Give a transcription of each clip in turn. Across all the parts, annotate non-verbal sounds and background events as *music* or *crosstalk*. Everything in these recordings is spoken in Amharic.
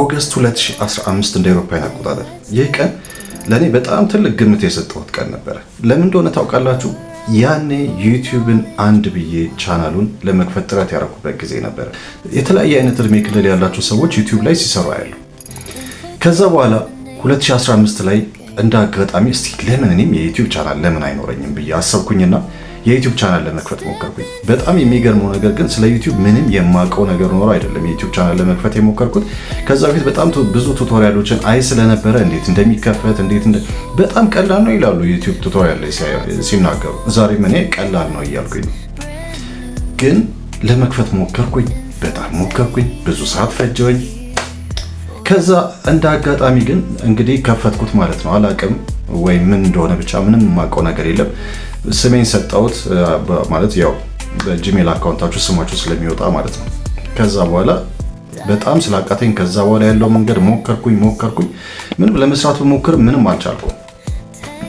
ኦገስት 2015 እንደ አውሮፓውያን አቆጣጠር። ይህ ቀን ለእኔ በጣም ትልቅ ግምት የሰጠሁት ቀን ነበረ። ለምን እንደሆነ ታውቃላችሁ? ያኔ ዩቲዩብን አንድ ብዬ ቻናሉን ለመክፈት ጥረት ያደረኩበት ጊዜ ነበረ። የተለያየ አይነት እድሜ ክልል ያላቸው ሰዎች ዩቲዩብ ላይ ሲሰሩ አያሉ። ከዛ በኋላ 2015 ላይ እንደ አጋጣሚ እስቲ ለምን እኔም የዩቲዩብ ቻናል ለምን አይኖረኝም ብዬ አሰብኩኝና የዩቲዩብ ቻናል ለመክፈት ሞከርኩኝ። በጣም የሚገርመው ነገር ግን ስለ ዩቲዩብ ምንም የማውቀው ነገር ኖሮ አይደለም የዩቲዩብ ቻናል ለመክፈት የሞከርኩት። ከዛ በፊት በጣም ብዙ ቱቶሪያሎችን አይ ስለነበረ እንዴት እንደሚከፈት እንዴት በጣም ቀላል ነው ይላሉ ዩቲዩብ ቱቶሪያል ላይ ሲናገሩ። ዛሬም እኔ ቀላል ነው እያልኩኝ ግን ለመክፈት ሞከርኩኝ፣ በጣም ሞከርኩኝ፣ ብዙ ሰዓት ፈጀኝ። ከዛ እንደ አጋጣሚ ግን እንግዲህ ከፈትኩት ማለት ነው። አላቅም ወይም ምን እንደሆነ ብቻ ምንም የማውቀው ነገር የለም ስሜን ሰጠሁት ማለት ያው በጂሜል አካውንታችሁ ስማችሁ ስለሚወጣ ማለት ነው። ከዛ በኋላ በጣም ስላቃተኝ ከዛ በኋላ ያለው መንገድ ሞከርኩኝ ሞከርኩኝ ምንም ለመስራት ብሞክር ምንም አልቻልኩ።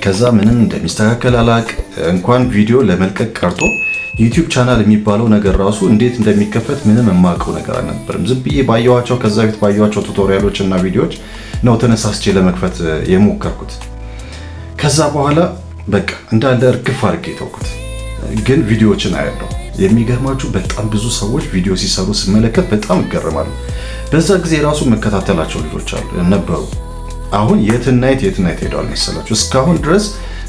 ከዛ ምንም እንደሚስተካከል አላቅ እንኳን ቪዲዮ ለመልቀቅ ቀርቶ ዩቲዩብ ቻናል የሚባለው ነገር ራሱ እንዴት እንደሚከፈት ምንም የማውቀው ነገር አልነበርም። ዝም ብዬ ባየኋቸው ከዛ በፊት ባየኋቸው ቱቶሪያሎች እና ቪዲዮዎች ነው ተነሳስቼ ለመክፈት የሞከርኩት ከዛ በኋላ በቃ እንዳለ እርግፍ አድርጌ ተውኩት። ግን ቪዲዮዎችን አያለሁ። የሚገርማችሁ በጣም ብዙ ሰዎች ቪዲዮ ሲሰሩ ስመለከት በጣም ይገርማሉ። በዛ ጊዜ ራሱ መከታተላቸው ልጆች አሉ ነበሩ። አሁን የትናየት የትናየት ሄደዋል መሰላችሁ። እስካሁን ድረስ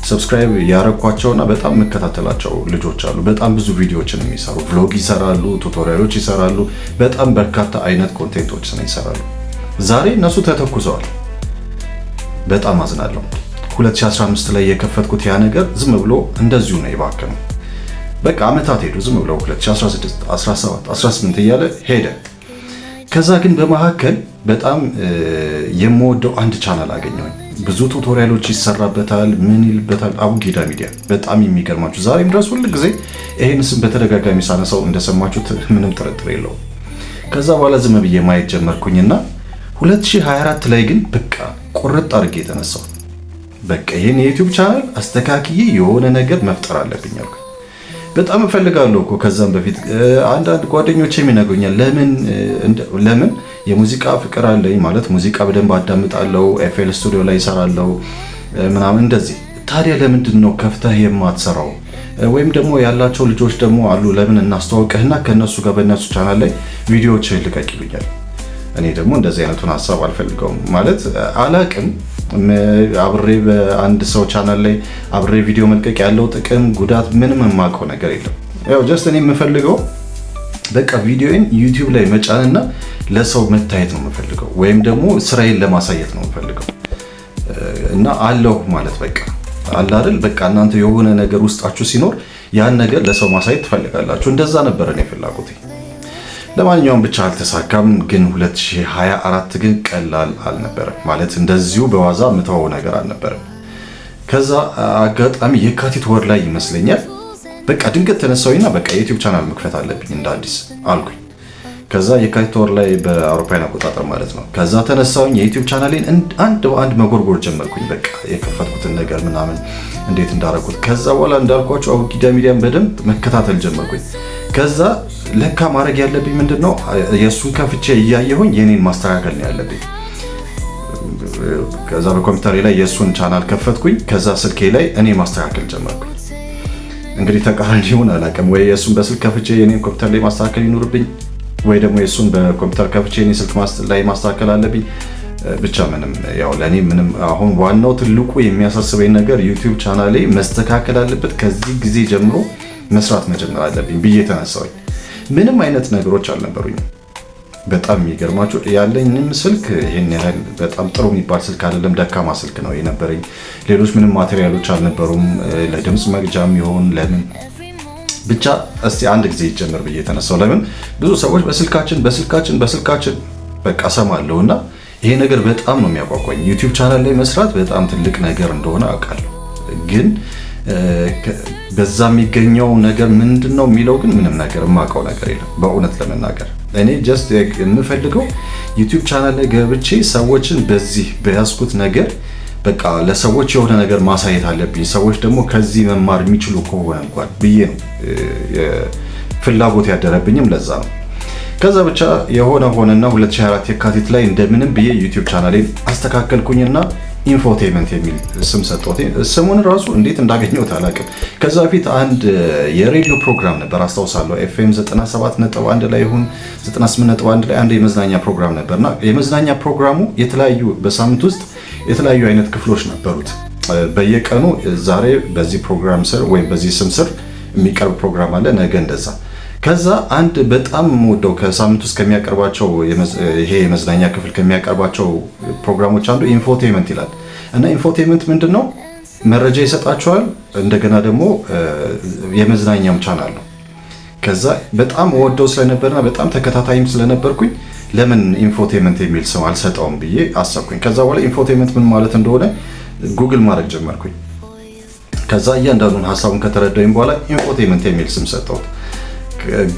ሰብስክራይብ ያረኳቸውና በጣም መከታተላቸው ልጆች አሉ። በጣም ብዙ ቪዲዮዎችን የሚሰሩ ቭሎግ ይሰራሉ፣ ቱቶሪያሎች ይሰራሉ። በጣም በርካታ አይነት ኮንቴንቶችን ይሰራሉ። ዛሬ እነሱ ተተኩሰዋል። በጣም አዝናለሁ። 2015 ላይ የከፈትኩት ያ ነገር ዝም ብሎ እንደዚሁ ነው የባከነው። በቃ ዓመታት ሄዱ። ዝም ብሎ 2016፣ 17፣ 18 እያለ ሄደ። ከዛ ግን በመካከል በጣም የምወደው አንድ ቻናል አገኘሁኝ። ብዙ ቱቶሪያሎች ይሰራበታል። ምን ይልበታል? አቡጌዳ ሚዲያ በጣም የሚገርማችሁ ዛሬም ድረስ ሁል ጊዜ ይህን ስም በተደጋጋሚ ሳነሳው እንደሰማችሁት ምንም ጥርጥር የለውም። ከዛ በኋላ ዝም ብዬ ማየት ጀመርኩኝና 2024 ላይ ግን በቃ ቁርጥ አድርጌ የተነሳው በቃ ይህን የዩቲዩብ ቻናል አስተካክዬ የሆነ ነገር መፍጠር አለብኝ አልኩ። በጣም እፈልጋለሁ እኮ ከዛም በፊት አንዳንድ ጓደኞቼም ይነግሩኛል። ለምን ለምን የሙዚቃ ፍቅር አለኝ ማለት ሙዚቃ በደንብ አዳምጣለሁ፣ ኤፍኤል ስቱዲዮ ላይ ይሰራለሁ ምናምን እንደዚህ። ታዲያ ለምንድን ነው ከፍተህ የማትሰራው? ወይም ደግሞ ያላቸው ልጆች ደግሞ አሉ፣ ለምን እናስተዋውቅህና ከእነሱ ጋር በእነሱ ቻናል ላይ ቪዲዮዎችን ልቀቅ ይሉኛል። እኔ ደግሞ እንደዚህ አይነቱን ሀሳብ አልፈልገውም ማለት አላቅም አብሬ በአንድ ሰው ቻናል ላይ አብሬ ቪዲዮ መልቀቅ ያለው ጥቅም ጉዳት ምንም የማውቀው ነገር የለም። ያው ጀስት እኔ የምፈልገው በቃ ቪዲዮን ዩቲዩብ ላይ መጫንና ለሰው መታየት ነው የምፈልገው፣ ወይም ደግሞ ስራዬን ለማሳየት ነው የምፈልገው እና አለሁ ማለት በቃ አለ አይደል በቃ እናንተ የሆነ ነገር ውስጣችሁ ሲኖር ያን ነገር ለሰው ማሳየት ትፈልጋላችሁ። እንደዛ ነበር እኔ ፍላጎቴ። ለማንኛውም ብቻ አልተሳካም። ግን 2024 ግን ቀላል አልነበረም። ማለት እንደዚሁ በዋዛ ምተወው ነገር አልነበረም። ከዛ አጋጣሚ የካቲት ወር ላይ ይመስለኛል በቃ ድንገት ተነሳሁኝና በቃ ዩቲዩብ ቻናል መክፈት አለብኝ እንደ አዲስ አልኩኝ። ከዛ የካቲት ወር ላይ በአውሮፓውያን አቆጣጠር ማለት ነው። ከዛ ተነሳውኝ የዩቲዩብ ቻናሌን አንድ በአንድ መጎርጎር ጀመርኩኝ። በቃ የከፈትኩትን ነገር ምናምን እንዴት እንዳረኩት። ከዛ በኋላ እንዳልኳቸው አቡጊዳ ሚዲያን በደንብ መከታተል ጀመርኩኝ። ከዛ ለካ ማድረግ ያለብኝ ምንድን ነው፣ የእሱን ከፍቼ እያየሁኝ የኔን ማስተካከል ነው ያለብኝ። ከዛ በኮምፒውተሬ ላይ የእሱን ቻናል ከፈትኩኝ። ከዛ ስልኬ ላይ እኔ ማስተካከል ጀመርኩኝ። እንግዲህ ተቃራኒ ሆን አላውቅም፣ ወይ የእሱን በስልክ ከፍቼ የኔን ኮምፒውተር ላይ ማስተካከል ይኖርብኝ ወይ ደግሞ የእሱን በኮምፒውተር ከፍቼ እኔ ስልክ ላይ ማስተካከል አለብኝ። ብቻ ምንም ያው ለእኔ ምንም አሁን ዋናው ትልቁ የሚያሳስበኝ ነገር ዩቲዩብ ቻናሌ መስተካከል አለበት፣ ከዚህ ጊዜ ጀምሮ መስራት መጀመር አለብኝ ብዬ ተነሳሁኝ። ምንም አይነት ነገሮች አልነበሩኝ? በጣም የሚገርማችሁ ያለኝም ስልክ ይህን ያህል በጣም ጥሩ የሚባል ስልክ አይደለም፣ ደካማ ስልክ ነው የነበረኝ። ሌሎች ምንም ማቴሪያሎች አልነበሩም፣ ለድምፅ መግጃም ይሆን ለምን ብቻ እስቲ አንድ ጊዜ ይጀምር ብዬ የተነሳው ለምን ብዙ ሰዎች በስልካችን በስልካችን በስልካችን በቃ ሰማለሁ እና ይሄ ነገር በጣም ነው የሚያጓጓኝ። ዩቲዩብ ቻናል ላይ መስራት በጣም ትልቅ ነገር እንደሆነ አውቃለሁ፣ ግን በዛ የሚገኘው ነገር ምንድን ነው የሚለው ግን ምንም ነገር የማውቀው ነገር የለም በእውነት ለመናገር እኔ ጀስት የምፈልገው ዩቲዩብ ቻናል ላይ ገብቼ ሰዎችን በዚህ በያዝኩት ነገር በቃ ለሰዎች የሆነ ነገር ማሳየት አለብኝ፣ ሰዎች ደግሞ ከዚህ መማር የሚችሉ ከሆነ እንኳን ብዬ ነው ፍላጎት ያደረብኝም ለዛ ነው። ከዛ ብቻ የሆነ ሆነና 2024 የካቲት ላይ እንደምንም ብዬ ዩቲዩብ ቻናሌን አስተካከልኩኝና ኢንፎቴመንት የሚል ስም ሰጠሁት። ስሙን ራሱ እንዴት እንዳገኘሁት አላውቅም። ከዛ በፊት አንድ የሬዲዮ ፕሮግራም ነበር አስታውሳለሁ። ኤፍኤም 97.1 ላይ ይሁን 98.1 ላይ አንድ የመዝናኛ ፕሮግራም ነበርና የመዝናኛ ፕሮግራሙ የተለያዩ በሳምንት ውስጥ የተለያዩ አይነት ክፍሎች ነበሩት። በየቀኑ ዛሬ በዚህ ፕሮግራም ስር ወይም በዚህ ስም ስር የሚቀርብ ፕሮግራም አለ፣ ነገ እንደዛ። ከዛ አንድ በጣም ወደው ከሳምንት ውስጥ ከሚያቀርባቸው ይሄ የመዝናኛ ክፍል ከሚያቀርባቸው ፕሮግራሞች አንዱ ኢንፎቴመንት ይላል እና ኢንፎቴመንት ምንድን ነው? መረጃ ይሰጣቸዋል። እንደገና ደግሞ የመዝናኛም ቻናል ነው። ከዛ በጣም ወደው ስለነበርና በጣም ተከታታይም ስለነበርኩኝ ለምን ኢንፎቴመንት የሚል ስም አልሰጠውም ብዬ አሰብኩኝ። ከዛ በኋላ ኢንፎቴመንት ምን ማለት እንደሆነ ጉግል ማድረግ ጀመርኩኝ። ከዛ እያንዳንዱን ሀሳቡን ከተረዳኝ በኋላ ኢንፎቴመንት የሚል ስም ሰጠሁት።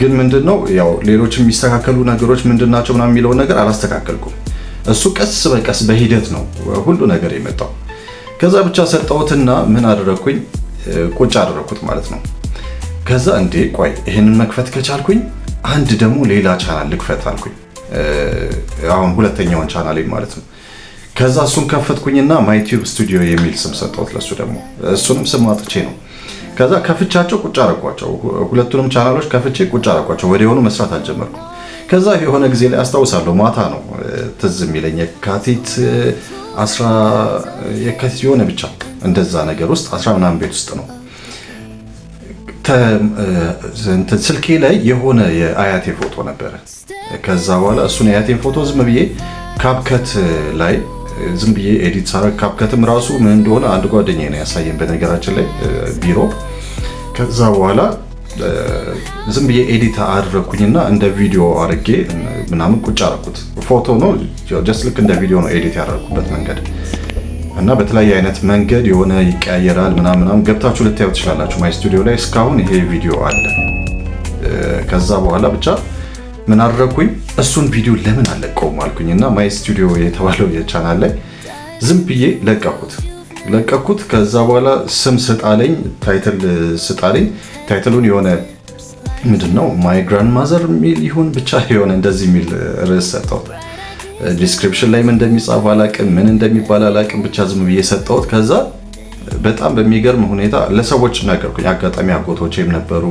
ግን ምንድን ነው ያው ሌሎች የሚስተካከሉ ነገሮች ምንድን ናቸው ምናምን የሚለውን ነገር አላስተካከልኩም። እሱ ቀስ በቀስ በሂደት ነው ሁሉ ነገር የመጣው። ከዛ ብቻ ሰጠሁትና ምን አደረግኩኝ ቁጭ አደረግኩት ማለት ነው። ከዛ እንዴ ቆይ ይህንን መክፈት ከቻልኩኝ አንድ ደግሞ ሌላ ቻናል ልክፈት አልኩኝ። አሁን ሁለተኛውን ቻናሌ ማለት ነው። ከዛ እሱን ከፈትኩኝና ማይቲዩብ ስቱዲዮ የሚል ስም ሰጠሁት ለሱ ደግሞ እሱንም ስም አጥቼ ነው። ከዛ ከፍቻቸው ቁጭ አረኳቸው። ሁለቱንም ቻናሎች ከፍቼ ቁጭ አረኳቸው። ወዲያውኑ መስራት አልጀመርኩም። ከዛ የሆነ ጊዜ ላይ አስታውሳለሁ፣ ማታ ነው ትዝ የሚለኝ የካቲት አስራ የካቲት የሆነ ብቻ እንደዛ ነገር ውስጥ አስራ ምናምን ቤት ውስጥ ነው ስልኬ ላይ የሆነ የአያቴ ፎቶ ነበረ። ከዛ በኋላ እሱን ያያቴን ፎቶ ዝም ብዬ ካፕከት ላይ ዝም ብዬ ኤዲት ሳረግ ካፕከትም ራሱ ምን እንደሆነ አንድ ጓደኛ ነው ያሳየን በነገራችን ላይ ቢሮ። ከዛ በኋላ ዝም ብዬ ኤዲት አደረኩኝና እንደ ቪዲዮ አድርጌ ምናምን ቁጭ አረኩት። ፎቶ ነው ጀስት ልክ እንደ ቪዲዮ ነው ኤዲት ያደረኩበት መንገድ እና በተለያየ አይነት መንገድ የሆነ ይቀያየራል ምናምናም ገብታችሁ ልታዩ ትችላላችሁ። ማይ ስቱዲዮ ላይ እስካሁን ይሄ ቪዲዮ አለ። ከዛ በኋላ ብቻ ምን አደረግኩኝ? እሱን ቪዲዮ ለምን አለቀውም አልኩኝ እና ማይ ስቱዲዮ የተባለው የቻናል ላይ ዝም ብዬ ለቀኩት ለቀኩት። ከዛ በኋላ ስም ስጣለኝ፣ ታይትል ስጣለኝ። ታይትሉን የሆነ ምንድን ነው ማይ ግራንድ ማዘር የሚል ይሁን ብቻ የሆነ እንደዚህ የሚል ርዕስ ሰጠሁት። ዲስክሪፕሽን ላይ ምን እንደሚጻፍ አላቅም፣ ምን እንደሚባል አላቅም፣ ብቻ ዝም ብዬ ሰጠሁት። ከዛ በጣም በሚገርም ሁኔታ ለሰዎች ነገርኩኝ። አጋጣሚ አጎቶቼም ነበሩ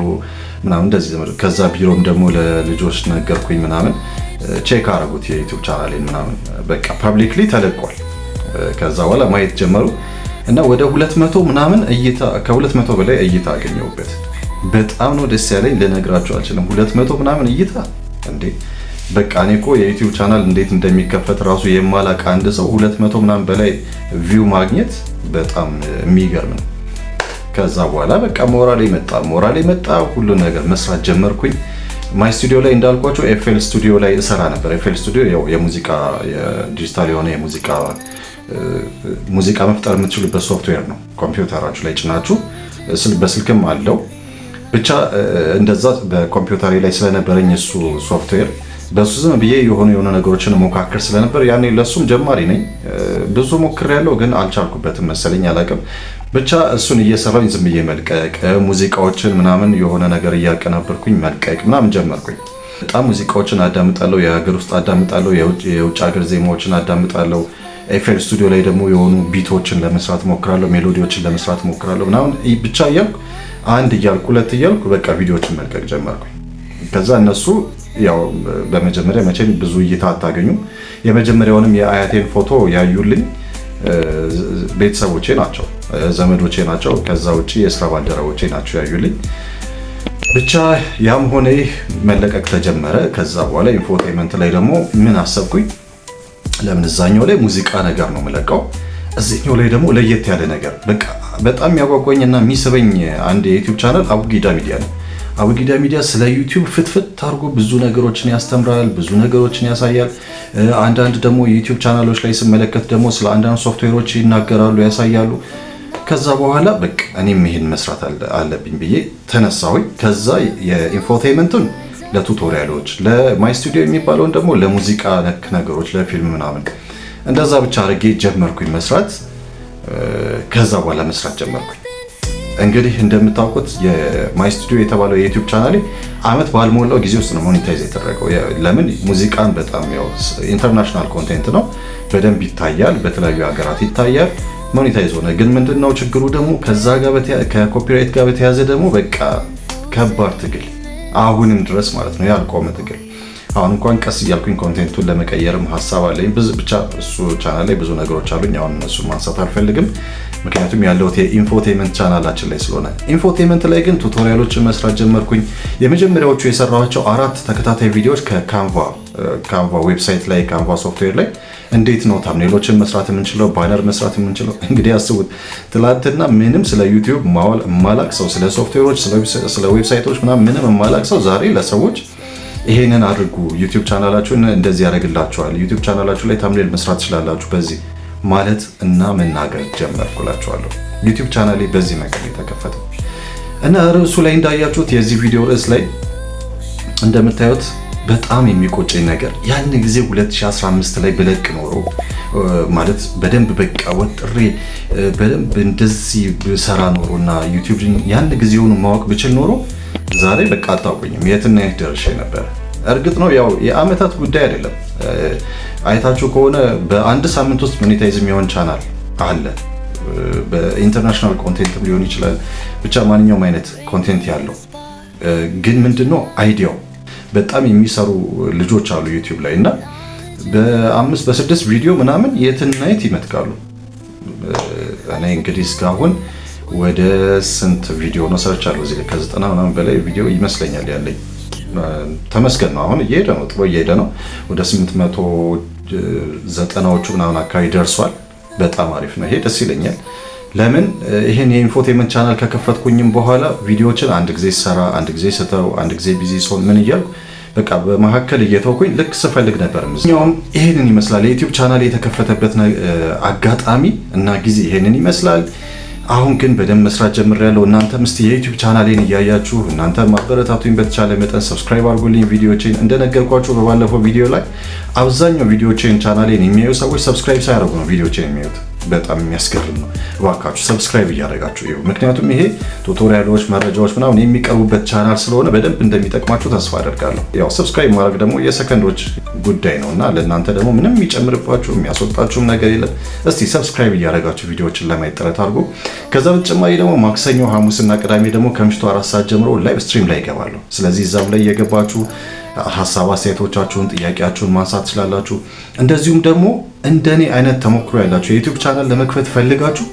ምናምን እንደዚህ ዘመዶ ከዛ ቢሮም ደግሞ ለልጆች ነገርኩኝ ምናምን ቼክ አረጉት የዩቱብ ቻናሌን ምናምን በቃ ፐብሊክሊ ተለቋል። ከዛ በኋላ ማየት ጀመሩ እና ወደ 200 ምናምን እይታ ከ200 በላይ እይታ አገኘሁበት። በጣም ነው ደስ ያለኝ፣ ልነግራችሁ አልችልም። 200 ምናምን እይታ እንዴ! በቃ እኔ እኮ የዩቲዩብ ቻናል እንዴት እንደሚከፈት ራሱ የማላቅ አንድ ሰው 200 ምናምን በላይ ቪው ማግኘት በጣም የሚገርም ነው። ከዛ በኋላ በቃ ሞራል መጣ ሞራል መጣ ሁሉ ነገር መስራት ጀመርኩኝ። ማይ ስቱዲዮ ላይ እንዳልኳቸው ኤፍኤል ስቱዲዮ ላይ እሰራ ነበር። ኤፍኤል ስቱዲዮ ያው የሙዚቃ ዲጂታል የሆነ የሙዚቃ ሙዚቃ መፍጠር የምትችሉበት ሶፍትዌር ነው። ኮምፒውተራችሁ ላይ ጭናችሁ በስልክም አለው ብቻ እንደዛ በኮምፒውተር ላይ ስለነበረኝ እሱ ሶፍትዌር በሱ ዝም ብዬ የሆኑ የሆነ ነገሮችን ሞካክር ስለነበር ያኔ ለሱም ጀማሪ ነኝ ብዙ ሞክሬያለሁ፣ ግን አልቻልኩበትም መሰለኝ አላውቅም። ብቻ እሱን እየሰራኝ ዝም ብዬ መልቀቅ ሙዚቃዎችን ምናምን የሆነ ነገር እያቀናበርኩኝ መልቀቅ ምናምን ጀመርኩኝ። በጣም ሙዚቃዎችን አዳምጣለሁ፣ የሀገር ውስጥ አዳምጣለሁ፣ የውጭ ሀገር ዜማዎችን አዳምጣለሁ። ኤፍኤል ስቱዲዮ ላይ ደግሞ የሆኑ ቢቶችን ለመስራት ሞክራለሁ፣ ሜሎዲዎችን ለመስራት ሞክራለሁ ምናምን ብቻ እያልኩ አንድ እያልኩ ሁለት እያልኩ በቃ ቪዲዮዎችን መልቀቅ ጀመርኩኝ። ከዛ እነሱ ያው በመጀመሪያ መቼም ብዙ እይታ አታገኙም። የመጀመሪያውንም የአያቴን ፎቶ ያዩልኝ ቤተሰቦቼ ናቸው። ዘመዶቼ ናቸው። ከዛ ውጭ የስራ ባልደረቦቼ ናቸው ያዩልኝ። ብቻ ያም ሆነ መለቀቅ ተጀመረ። ከዛ በኋላ ኢንፎቴመንት ላይ ደግሞ ምን አሰብኩኝ፣ ለምን እዛኛው ላይ ሙዚቃ ነገር ነው የምለቀው፣ እዚህኛው ላይ ደግሞ ለየት ያለ ነገር በቃ በጣም ያጓጓኝና የሚስበኝ አንድ የዩቲዩብ ቻናል አቡጊዳ ሚዲያ ነው። አቡጊዳ ሚዲያ ስለ ዩቲዩብ ፍትፍት አድርጎ ብዙ ነገሮችን ያስተምራል፣ ብዙ ነገሮችን ያሳያል። አንዳንድ ደግሞ የዩቲዩብ ቻናሎች ላይ ስመለከት ደግሞ ስለ አንዳንድ ሶፍትዌሮች ይናገራሉ፣ ያሳያሉ። ከዛ በኋላ በቃ እኔም ይሄን መስራት አለብኝ ብዬ ተነሳሁኝ። ከዛ የኢንፎቴመንቱን ለቱቶሪያሎች ለማይ ስቱዲዮ የሚባለውን ደግሞ ለሙዚቃ ነክ ነገሮች ለፊልም ምናምን እንደዛ ብቻ አድርጌ ጀመርኩኝ መስራት። ከዛ በኋላ መስራት ጀመርኩኝ። እንግዲህ እንደምታውቁት የማይ ስቱዲዮ የተባለው የዩቲዩብ ቻናሌ አመት ባልሞላው ጊዜ ውስጥ ነው ሞኔታይዝ የተደረገው። ለምን ሙዚቃን በጣም ያው ኢንተርናሽናል ኮንቴንት ነው፣ በደንብ ይታያል፣ በተለያዩ ሀገራት ይታያል። ሞኔታይዝ ሆነ። ግን ምንድነው ችግሩ ደግሞ ከዛ ጋር ከኮፒራይት ጋር በተያዘ ደግሞ በቃ ከባድ ትግል አሁንም ድረስ ማለት ነው ያልቆመ ትግል አሁን እንኳን ቀስ እያልኩኝ ኮንቴንቱን ለመቀየርም ሀሳብ አለኝ። ብቻ እሱ ቻናል ላይ ብዙ ነገሮች አሉኝ። አሁን እነሱ ማንሳት አልፈልግም፣ ምክንያቱም ያለሁት የኢንፎቴመንት ቻናላችን ላይ ስለሆነ። ኢንፎቴመንት ላይ ግን ቱቶሪያሎችን መስራት ጀመርኩኝ። የመጀመሪያዎቹ የሰራኋቸው አራት ተከታታይ ቪዲዮዎች ከካንቫ ካንቫ ዌብሳይት ላይ ካንቫ ሶፍትዌር ላይ እንዴት ነው ታምኔሎችን መስራት የምንችለው፣ ባነር መስራት የምንችለው። *laughs* እንግዲህ አስቡት፣ ትላንትና ምንም ስለ ዩቲዩብ ማዋል የማላቅ ሰው፣ ስለ ሶፍትዌሮች፣ ስለ ዌብሳይቶች ምናምን ምንም የማላቅ ሰው ዛሬ ለሰዎች ይሄንን አድርጉ፣ ዩቲዩብ ቻናላችሁን እንደዚህ ያደርግላችኋል፣ ዩቲዩብ ቻናላችሁ ላይ ታምኔል መስራት ትችላላችሁ፣ በዚህ ማለት እና መናገር ጀመርኩላችኋለሁ። ዩቲዩብ ቻናሌ በዚህ መንገድ የተከፈተ እና ርዕሱ ላይ እንዳያችሁት የዚህ ቪዲዮ ርዕስ ላይ እንደምታዩት በጣም የሚቆጨኝ ነገር ያን ጊዜ 2015 ላይ ብለቅ ኖሮ ማለት በደንብ በቃ ወጥሬ በደንብ እንደዚህ ሰራ ኖሮ እና ዩቲዩብ ያን ጊዜውን ማወቅ ብችል ኖሮ ዛሬ በቃ አታውቁኝም፣ የትና የት ደርሼ ነበር። እርግጥ ነው ያው የአመታት ጉዳይ አይደለም። አይታችሁ ከሆነ በአንድ ሳምንት ውስጥ ሞኔታይዝ የሚሆን ቻናል አለ። በኢንተርናሽናል ኮንቴንትም ሊሆን ይችላል፣ ብቻ ማንኛውም አይነት ኮንቴንት ያለው ግን ምንድነው አይዲያው በጣም የሚሰሩ ልጆች አሉ ዩቲዩብ ላይ እና በአምስት በስድስት ቪዲዮ ምናምን የትና የት ይመትቃሉ። እኔ እንግዲህ እስካሁን ወደ ስንት ቪዲዮ ነው ሰርች አለው እዚህ ላይ ከዘጠና ምናምን በላይ ቪዲዮ ይመስለኛል ያለኝ። ተመስገን ነው። አሁን እየሄደ ነው፣ ጥሩ እየሄደ ነው። ወደ ስምንት መቶ ዘጠናዎቹ ምናምን አካባቢ ደርሷል። በጣም አሪፍ ነው። ይሄ ደስ ይለኛል። ለምን ይሄን የኢንፎቴመንት ቻናል ከከፈትኩኝም በኋላ ቪዲዮዎችን አንድ ጊዜ ሰራ፣ አንድ ጊዜ ስተው፣ አንድ ጊዜ ቢዚ ሲሆን ምን እያልኩ በቃ በመካከል እየተውኩኝ ልክ ስፈልግ ነበር። ምኛውም ይሄንን ይመስላል የዩቲዩብ ቻናል የተከፈተበት አጋጣሚ እና ጊዜ ይሄንን ይመስላል። አሁን ግን በደንብ መስራት ጀምሬያለሁ። እናንተም እስቲ የዩቲዩብ ቻናሌን እያያችሁ እናንተ ማበረታቱኝ በተቻለ መጠን ሰብስክራይብ አድርጉልኝ። ቪዲዮችን እንደነገርኳችሁ በባለፈው ቪዲዮ ላይ አብዛኛው ቪዲዮቼን ቻናሌን የሚያዩ ሰዎች ሰብስክራይብ ሳያደርጉ ነው ቪዲዮቼን የሚያዩት። በጣም የሚያስገርም ነው። እባካችሁ ሰብስክራይብ እያደረጋችሁ ምክንያቱም ይሄ ቱቶሪያሎች፣ መረጃዎች ምናምን የሚቀርቡበት ቻናል ስለሆነ በደንብ እንደሚጠቅማችሁ ተስፋ አደርጋለሁ። ያው ሰብስክራይብ ማድረግ ደግሞ የሰከንዶች ጉዳይ ነው እና ለእናንተ ደግሞ ምንም የሚጨምርባችሁ የሚያስወጣችሁም ነገር የለም። እስቲ ሰብስክራይብ እያደረጋችሁ ቪዲዮዎችን ለማየት ጥረት አድርጎ ከዛ በተጨማሪ ደግሞ ማክሰኞ፣ ሐሙስና ቅዳሜ ደግሞ ከምሽቱ አራት ሰዓት ጀምሮ ላይቭ ስትሪም ላይ ይገባሉ። ስለዚህ እዛም ላይ እየገባችሁ ሀሳብ አስተያየቶቻችሁን፣ ጥያቄያችሁን ማንሳት ትችላላችሁ። እንደዚሁም ደግሞ እንደኔ አይነት ተሞክሮ ያላችሁ የዩቲዩብ ቻናል ለመክፈት ፈልጋችሁ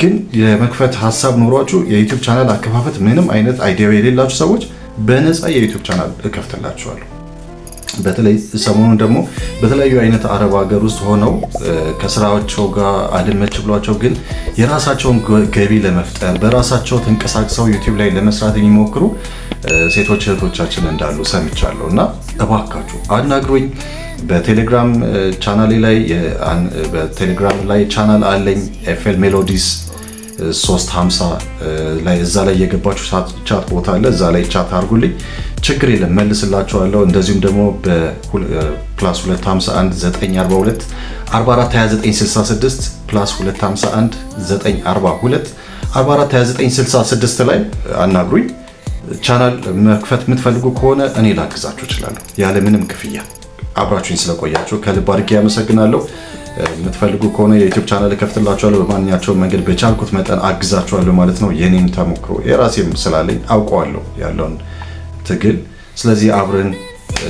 ግን የመክፈት ሀሳብ ኖሯችሁ የዩቲዩብ ቻናል አከፋፈት ምንም አይነት አይዲያ የሌላችሁ ሰዎች በነፃ የዩቲዩብ ቻናል እከፍትላችኋለሁ። በተለይ ሰሞኑን ደግሞ በተለያዩ አይነት አረብ ሀገር ውስጥ ሆነው ከስራቸው ጋር አልመች ብሏቸው ግን የራሳቸውን ገቢ ለመፍጠር በራሳቸው ተንቀሳቅሰው ዩቲዩብ ላይ ለመስራት የሚሞክሩ ሴቶች እህቶቻችን እንዳሉ ሰምቻለሁ እና እባካችሁ አናግሩኝ። በቴሌግራም ቻናሌ ላይ በቴሌግራም ላይ ቻናል አለኝ ኤፍኤል ሜሎዲስ 350 ላይ እዛ ላይ የገባችሁ ቻት ቦታ አለ። እዛ ላይ ቻት አድርጉልኝ፣ ችግር የለም መልስላችኋለሁ። እንደዚሁም ደግሞ በፕላስ 251942 442966 ፕላስ ላይ አናግሩኝ። ቻናል መክፈት የምትፈልጉ ከሆነ እኔ ላግዛችሁ እችላለሁ ያለ ምንም ክፍያ። አብራችሁኝ ስለቆያችሁ ከልብ አድርጌ ያመሰግናለሁ። የምትፈልጉ ከሆነ የዩቲዩብ ቻናል እከፍትላችኋለሁ። በማንኛቸውም መንገድ በቻልኩት መጠን አግዛችኋለሁ ማለት ነው። የኔም ተሞክሮ የራሴም ስላለኝ አውቀዋለሁ ያለውን ትግል። ስለዚህ አብረን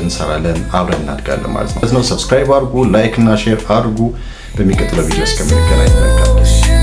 እንሰራለን፣ አብረን እናድጋለን ማለት ነው። ሰብስክራይብ አድርጉ፣ ላይክ እና ሼር አድርጉ። በሚቀጥለው ቪዲዮ እስከምንገናኝ መልካም